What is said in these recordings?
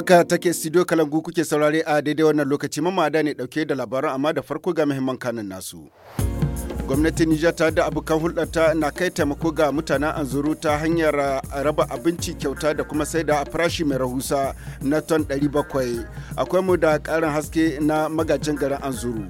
Haka take studio kalangu kuke saurare a daidai wannan lokaci mamada ne dauke da labaran amma da farko ga muhimman kanin nasu. Gwamnatin Nijar ta da abokan hulɗarta na kai taimako ga mutanen anzuru ta hanyar uh, raba abinci kyauta da kuma sai da farashi mai rahusa na ton 700. Akwai mu da ƙarin haske na magajin garin anzuru.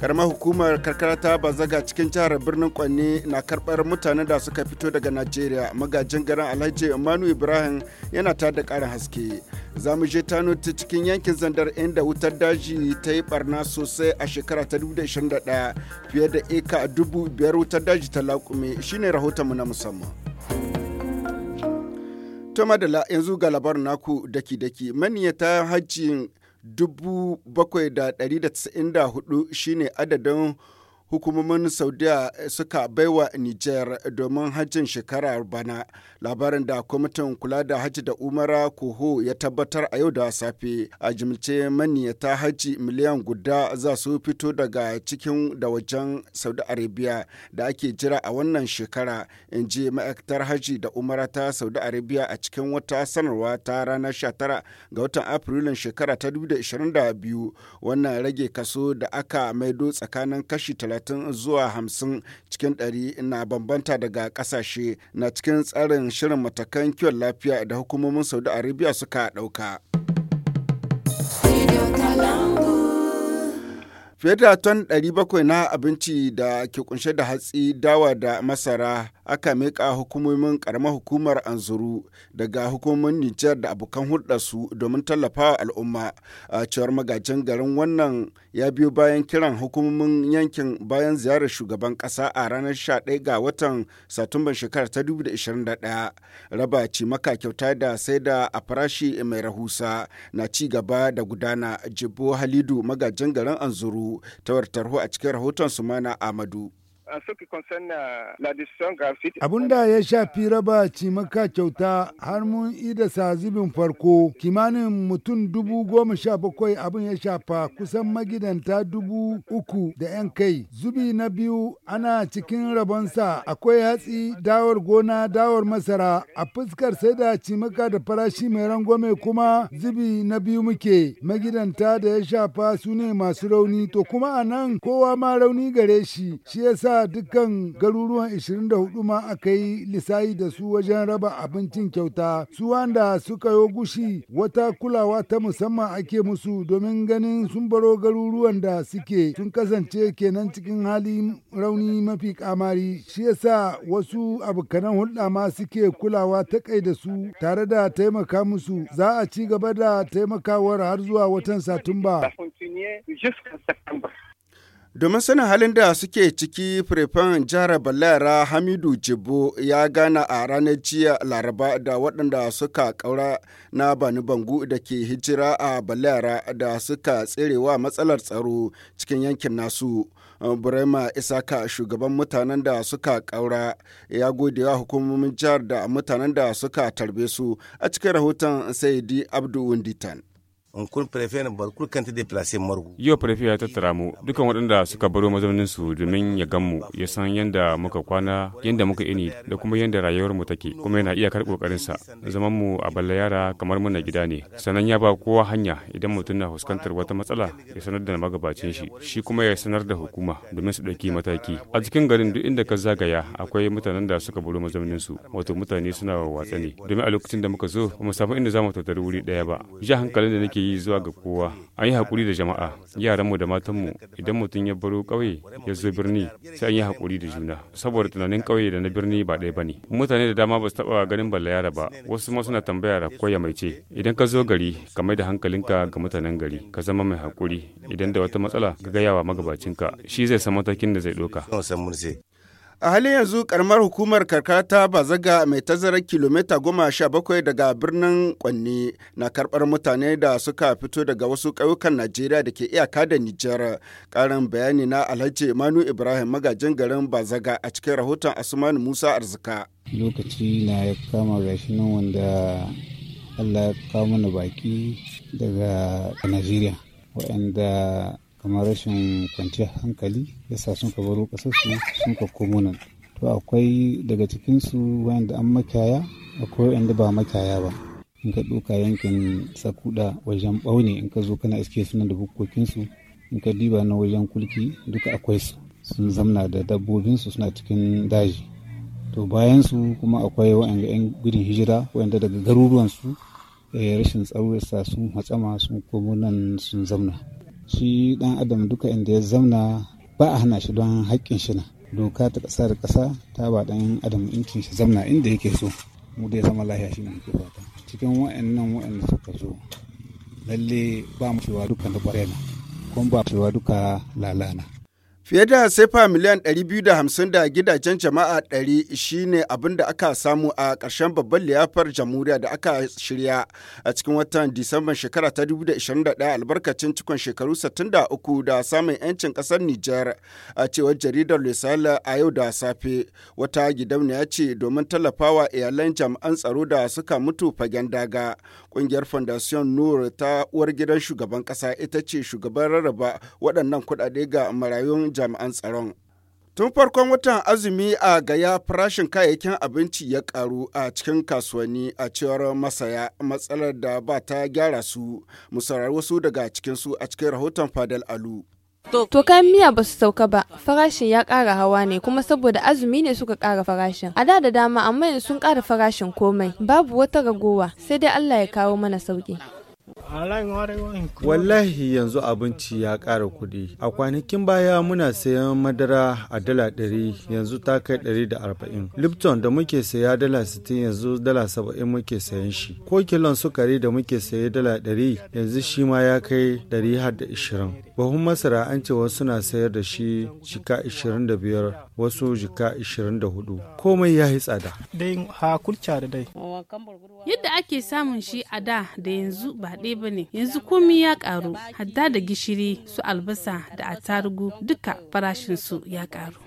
karamar hukumar karkara ta bazaga cikin jihar birnin kwanne na karbar mutanen da suka fito daga najeriya magajin garin alhaji emmanuel ibrahim yana ta da karin haske za mu je tano ta cikin yankin zandar inda wutar daji ta yi barna sosai a shekara ta 2021 fiye da eka dubu biyar wutar daji ta laƙume shine rahotonmu na musamman. To madala yanzu ga labarin naku daki-daki maniyata hajjin 7,794 shine adadin hukumomin saudiya eh, suka baiwa niger domin hajjin shekara bana labarin da kwamitin kula da hajji da umara koho ya tabbatar a yau da safe a jimce maniyata hajji miliyan guda za su fito daga cikin da wajen saudi arabia da ake jira a wannan shekara in ji ma'aikatar hajji da umara ta saudi arabia a cikin wata sanarwa ta ranar 19 ga watan afrilun shekara ta 2022 wannan rage kaso da aka maido tsakanin kashi 30 zuwa 50 cikin 100 na bambanta daga kasashe na cikin tsarin shirin matakan kiwon lafiya da hukumomin Saudi Arabia suka ɗauka. Fiye da ton 700 na abinci da ke kunshe da hatsi, dawa da masara aka miƙa hukumomin ƙaramar hukumar anzuru daga hukumomin Nijar da abokan hulɗarsu domin tallafawa al'umma. A cewar magajin garin wannan ya biyo bayan kiran hukumomin yankin bayan ziyarar shugaban ƙasa a ranar 11 ga watan Satumban shekarar ta 2021. Raba maka kyauta da sai da a farashi mai rahusa na ci gaba da gudana. Jibo Halidu magajin garin anzuru ta tawar a cikin rahoton Sumana Amadu. Euh, abun da ya shafi raba cimaka kyauta har mun ida zubin farko kimanin mutum dubu goma sha bakwai abin ya shafa kusan magidanta dubu uku da 'yan kai. Zubi na biyu ana cikin rabonsa akwai hatsi dawar gona dawar masara a fuskar sai da cimaka da farashi mai rangwame kuma zubi na biyu muke magidanta da ya shafa su ne masu rauni to kuma a nan kowa ma rauni gare shi shi yasa a dukkan garuruwan 24 ma aka yi lisayi da su wajen raba abincin kyauta su wanda suka yo gushi wata kulawa ta musamman ake musu domin ganin sun baro garuruwan da suke sun kasance kenan cikin hali rauni mafi kamari shi yasa wasu abokanan hulɗa ma suke kulawa ta kai da su tare da taimaka musu za a ci gaba da taimakawar har zuwa watan satumba Domin sanin halin da suke ciki firifan jihar Balara Hamidu Jibo ya gana a ranar jiya Laraba da waɗanda suka ƙaura na Bani Bangu da ke hijira a Balara da suka tserewa matsalar tsaro cikin yankin nasu. Burema Isaka shugaban mutanen da suka ƙaura ya gode wa hukumomin jihar da mutanen da suka tarbe su a cikin rahoton Saidi Abdu wunditan. Yau prefe ya tattara mu dukan waɗanda suka baro mazaunin su domin ya gan mu ya san yadda muka kwana yadda muka ini da kuma yadda rayuwar mu take kuma yana iya kar kokarin sa zaman mu a balla yara kamar muna gida ne sanan ya ba kowa hanya idan mutum na fuskantar wata matsala ya sanar da magabacin shi shi kuma ya sanar da hukuma domin su ɗauki mataki a cikin garin duk inda ka zagaya akwai mutanen da suka baro mazaunin su wato mutane suna watsa ne domin a lokacin da muka zo ba mu samu inda za mu tattara wuri ɗaya ba ja hankalin da nake ake yi zuwa ga kowa an yi hakuri da jama'a yaranmu da matanmu idan mutum ya baro ƙauye ya zo birni sai an yi hakuri da juna saboda tunanin ƙauye da na birni ba ɗaya ba ne mutane da dama ba su taɓa ganin yara ba wasu ma suna tambaya da koya mai ce idan ka zo gari ka mai da hankalinka ga mutanen gari ka zama mai hakuri idan da wata matsala ka gaya wa magabacinka shi zai san matakin da zai ɗauka A halin yanzu karamar hukumar karkara ta bazaga mai tazarar kilomita goma sha bakwai daga birnin Kwanne na karbar mutane da suka fito daga wasu ƙauyukan Najeriya da ke iyaka da Nijar. karin bayani na Alhaji manu Ibrahim magajin garin bazaga a cikin rahoton Asuman Musa Arzika. Lokaci na ya kama gashi wanda Allah ya kawo mana baki daga Najeriya waɗanda kamar rashin kwanciyar hankali yasa sun ka baro su sun ka komo nan to akwai daga cikinsu wanda an makaya akwai wanda ba makaya ba in ka ɗauka yankin sakuda wajen bauni in ka zo kana iske suna da bukkokinsu in ka diba na wajen kulki duka akwai su sun zamna da dabbobinsu suna cikin daji to bayan su kuma akwai wa'anga 'yan gudun hijira wa'anda daga garuruwansu eh, rashin tsaro sa sun hatsama sun komo nan sun zamna shi dan adam duka inda ya zamna ba a hana shi don haƙƙin shi na doka ta ƙasa da ƙasa ta ba dan adam intin shi zamna inda yake so mu dai zama lahiya shi ne muke fata cikin wa'annan wa'anda suka zo lalle ba mu cewa duka da na kuma ba mu cewa duka lalana Fiye da sefa miliyan 250 da gidajen jama'a 100 shine abin da aka samu a ƙarshen babban liyafar jamhuriya da aka shirya a cikin watan Disamban shekara ta 2021 albarkacin cikon shekaru 63 da samun 'yancin ƙasar Nijar a cewar jaridar Lesala a yau da safe. Wata gidauniya ce domin tallafawa iyalan jami'an tsaro da suka mutu fagen daga. Ƙungiyar Fondation Nur ta uwar gidan shugaban ƙasa ita ce shugaban rarraba waɗannan kuɗaɗe ga marayun jami'an tsaron. Tun farkon watan azumi a gaya farashin kayayyakin abinci ya karu a cikin kasuwanni a cewar masaya matsalar da ba ta gyara su, musarar wasu daga cikinsu a cikin rahoton Fadal Alu. To kayan miya ba su sauka ba, farashin ya ƙara hawa ne kuma saboda azumi ne suka ƙara farashin. A da da dama amma yanzu sun ƙara farashin komai, babu wata ragowa sai dai Allah ya kawo mana sauki. Wallahi yanzu abinci ya ƙara kuɗi. A kwanakin baya muna sayan madara a dala ɗari yanzu ta kai ɗari da arba'in. Lipton da muke saya dala sitin yanzu dala saba'in muke sayan shi. Ko kilon sukari da muke saye dala ɗari yanzu shi ma ya kai ɗari har da ishirin. Bahun masara an ce suna sayar da shi shika ishirin da biyar wasu jika 24 komai ya yi tsada yadda ake samun shi a da da yanzu ba ɗaya ba ne yanzu komai ya ƙaru hadda da gishiri su albasa da tarugu duka farashinsu ya ƙaru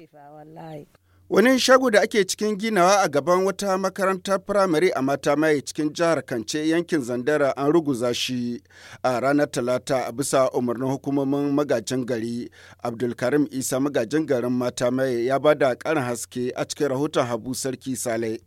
Wani shago da ake cikin ginawa a gaban wata makarantar firamare a mata mai cikin jihar Kance yankin Zandara an ruguza shi a ranar Talata a bisa umarnin hukumomin magajin gari. Abdulkarim Isa magajin garin mata mai ya bada karin haske a cikin rahoton Habu Sarki Sale.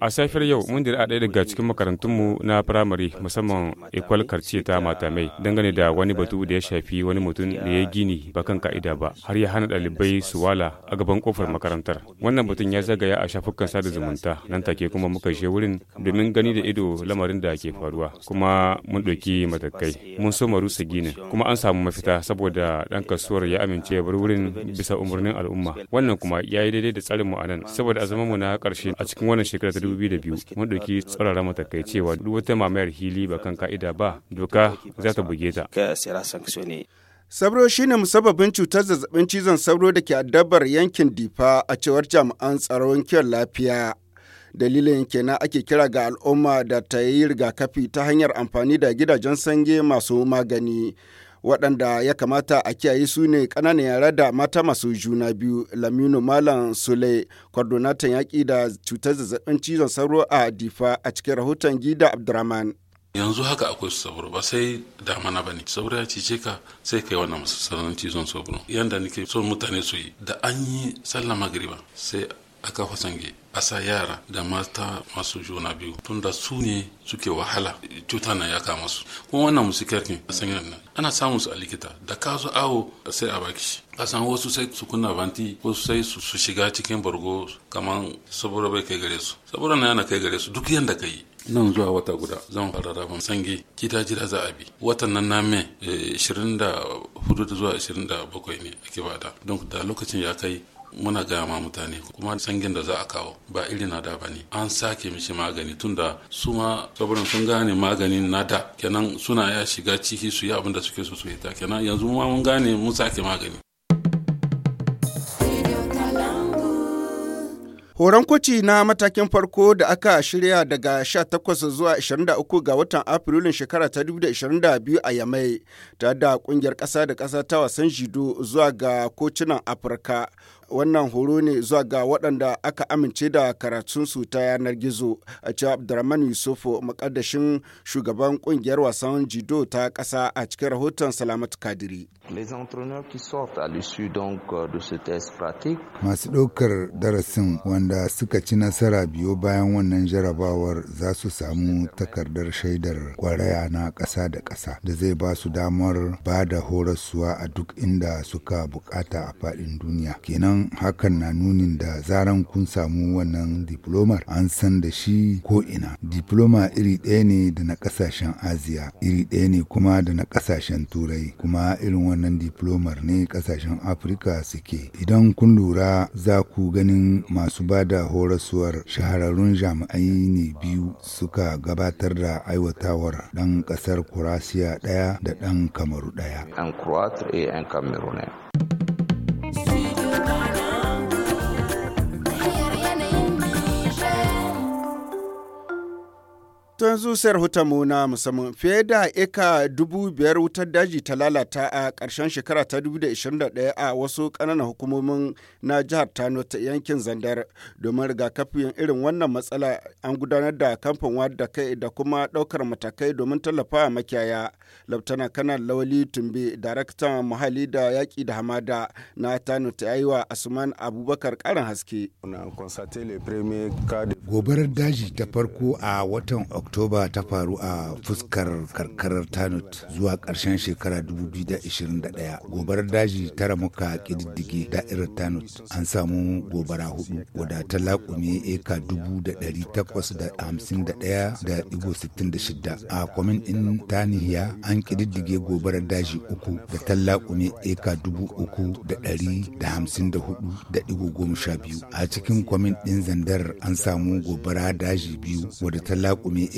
A safiyar yau mun dira ɗaya daga cikin makarantunmu na firamare musamman Ekwal Karce ta Matamai dangane da wani batu da ya shafi wani mutum da ya gini ba kan ka'ida ba har ya hana ɗalibai su wala a gaban kofar makarantar. Wannan mutum ya zagaya a shafukan sada zumunta nan take kuma muka je wurin domin gani da ido lamarin da ke faruwa kuma mun ɗauki matakai mun so rusa ginin kuma an samu mafita saboda ɗan kasuwar ya amince ya bar wurin bisa umurnin al'umma wannan kuma ya yi daidai da tsarinmu a nan saboda azumin mu na karshe a cikin wannan shekara ta 2002 mun dauki tsarara matakai cewa duk wata mamayar hili ba kan ka'ida ba doka za ta buge ta. Sabro shine musabbabin cutar zazzabin cizon sauro da ke addabar yankin Difa a cewar jami'an tsaron kiyar lafiya. dalilin kenan ake kira ga al'umma da ta yi rigakafi ta hanyar amfani da gidajen sange masu magani waɗanda ya kamata a kiyaye su ne ƙananan yara da mata masu juna biyu lamino malam sule kwardonatan yaƙi da cutar zazzabin cizon sauro a difa a cikin rahoton gida abdurrahman yanzu haka akwai su sauro ba sai damana ba ne sauro ya cice ka sai kai wannan masu sauran cizon sauro yanda nake son mutane su yi da an yi sallah magriba sai aka fasange a yara da mata masu juna biyu tunda su ne suke wahala cuta na ya kama kuma wannan musikar ne a sanyar nan ana samun su a likita da ka su awo sai a baki shi a san wasu sai su kunna banti wasu sai su shiga cikin bargo kamar saboda bai kai gare su saboda na yana kai gare su duk yanda ka yi nan zuwa wata guda zan fara rabin sange kita jira za a bi watan nan na mai eh, 24 zuwa 27 ne ake bada don da lokacin ya kai muna gaya ma mutane kuma sangin da za a kawo ba iri na da bane an sake mishi magani tunda su ma saboda sun gane maganin na da kenan suna ya shiga ciki su yi abin da suke so su kenan yanzu ma mun gane mun sake magani Horon kwaci na matakin farko da aka shirya daga 18 zuwa 23 ga watan Afrilun shekara ta 2022 a Yamai, ta da kungiyar kasa da kasa ta wasan Jido zuwa ga kocinan Afirka. wannan horo ne zuwa ga waɗanda aka amince da karatunsu ta yanar gizo a cewa abdurrahman yusufu makaddashin shugaban kungiyar wasan jido ta ƙasa a cikin rahoton salamat kadiri masu ɗaukar darasin wanda suka ci nasara biyu bayan wannan jarabawar za su samu takardar shaidar kwaraya na ƙasa da ƙasa da zai ba su damar ba da horasuwa a duk inda suka bukata a faɗin duniya kenan kenan hakan na nunin da zaran kun samu wannan diplomar an san da shi ko ina diploma iri ɗaya ne da na ƙasashen aziya iri ɗaya ne kuma da na ƙasashen turai kuma irin wannan diplomar ne ƙasashen afirka suke idan kun lura za ku ganin masu ba da horaswar shahararrun jami'ai ne biyu suka gabatar da aiwatawar ɗan ƙasar kurasiya ɗaya da ɗan kamaru ɗaya. Tun zusar mu na musamman fiye da eka dubu biyar wutar daji ta lalata a ƙarshen shekara ta 2021 a wasu ƙananan hukumomin na jihar Tano ta yankin Zandar domin rigakafin irin wannan matsala an gudanar da kamfan wadda kai da kuma ɗaukar matakai domin tallafa makiyaya. Laftana kanan Lawali Tumbe, daraktan muhalli da yaƙi da hamada na Tano ta yi wa Asuman Abubakar ƙarin haske. Gobarar daji ta farko a watan Oktoba ta faru a fuskar karkarar Tanut zuwa ƙarshen shekara 2021. Gobarar daji tara muka ƙididdige da'irar Tanut. An samu gobara hudu wadda ta laƙume eka 851,061 a kwamin ɗin Tanihiya an ƙididdige gobarar daji uku da ta laƙume eka 354,012. A cikin kwamin ɗin Zandar an samu gobara daji biyu wadda ta laƙume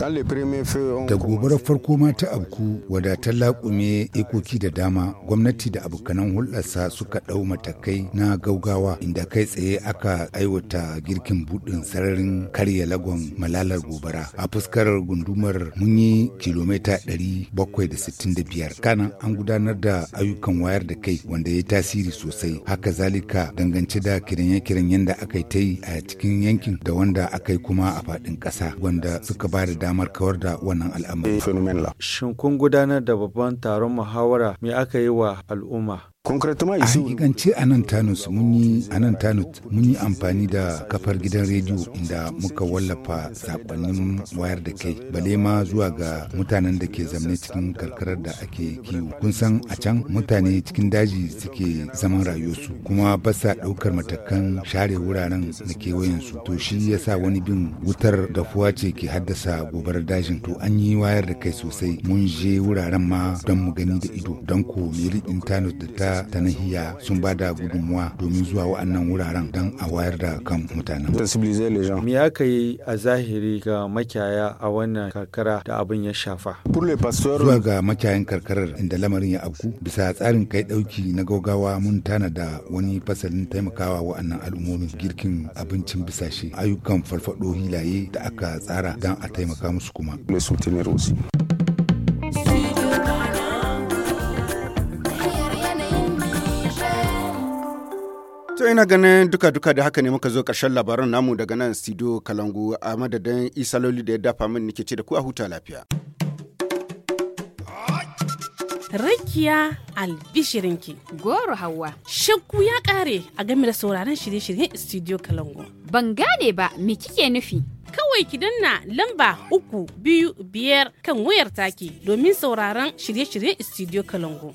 Da gobarar farko ma ta abku wadatar laƙume ikoki da dama gwamnati da abokanan hulɗarsa suka ɗau matakai na gaugawa inda kai tsaye aka aiwata girkin buɗin sararin karya lagon malalar gobara. A fuskar gundumar mun yi kilomita 765 kana an gudanar da ayyukan wayar da kai wanda ya tasiri sosai haka zalika dangance da kiranye-kiranyen da aka yi ta yi a cikin yankin da wanda aka yi kuma a faɗin ƙasa wanda suka ba da damar kawar da wannan al'amari. Eh, Shin kun gudanar da babban taron muhawara me aka yi wa al'umma? A hakikance a nan Tanus mun yi mun yi amfani da kafar gidan rediyo inda muka wallafa sakonnin wayar da kai bale ma zuwa ga mutanen da ke zamne cikin karkarar da ake kiwo. Kun san a can mutane cikin daji suke zaman rayuwarsu kuma ba sa ɗaukar matakan share wuraren na kewayensu. To shi yasa wani bin wutar dafuwa ce ke haddasa gobar dajin. To an yi wayar da kai sosai mun je wuraren ma don mu gani da ido don ko meri Tanut da ta ta nahiya sun ba da gudunmuwa domin zuwa wa'annan wuraren don a wayar da kan mutanen. Me aka yi a zahiri ga makiyaya a wannan karkara da abin ya shafa? Zuwa ga makiyayan karkarar inda lamarin ya abku bisa tsarin kai ɗauki na gaugawa mun tana da wani fasalin taimakawa wa'annan al'ummomin girkin abincin bisashe ayyukan farfaɗo hilaye da aka tsara don a taimaka musu kuma. ina ganin duka-duka da haka ne muka zo karshen labaran namu daga nan studio kalangu a madadin isaloli da ya dafa min nike ce da ku a huta lafiya. Rakiya albishirinki goro hawa. Shakku ya kare a game da sauraron shirye-shiryen studio kalangu. Ban gane ba me kike nufi? Kawai ki danna lamba uku biyu biyar kan wayar take domin sauraron shirye-shiryen studio kalangu.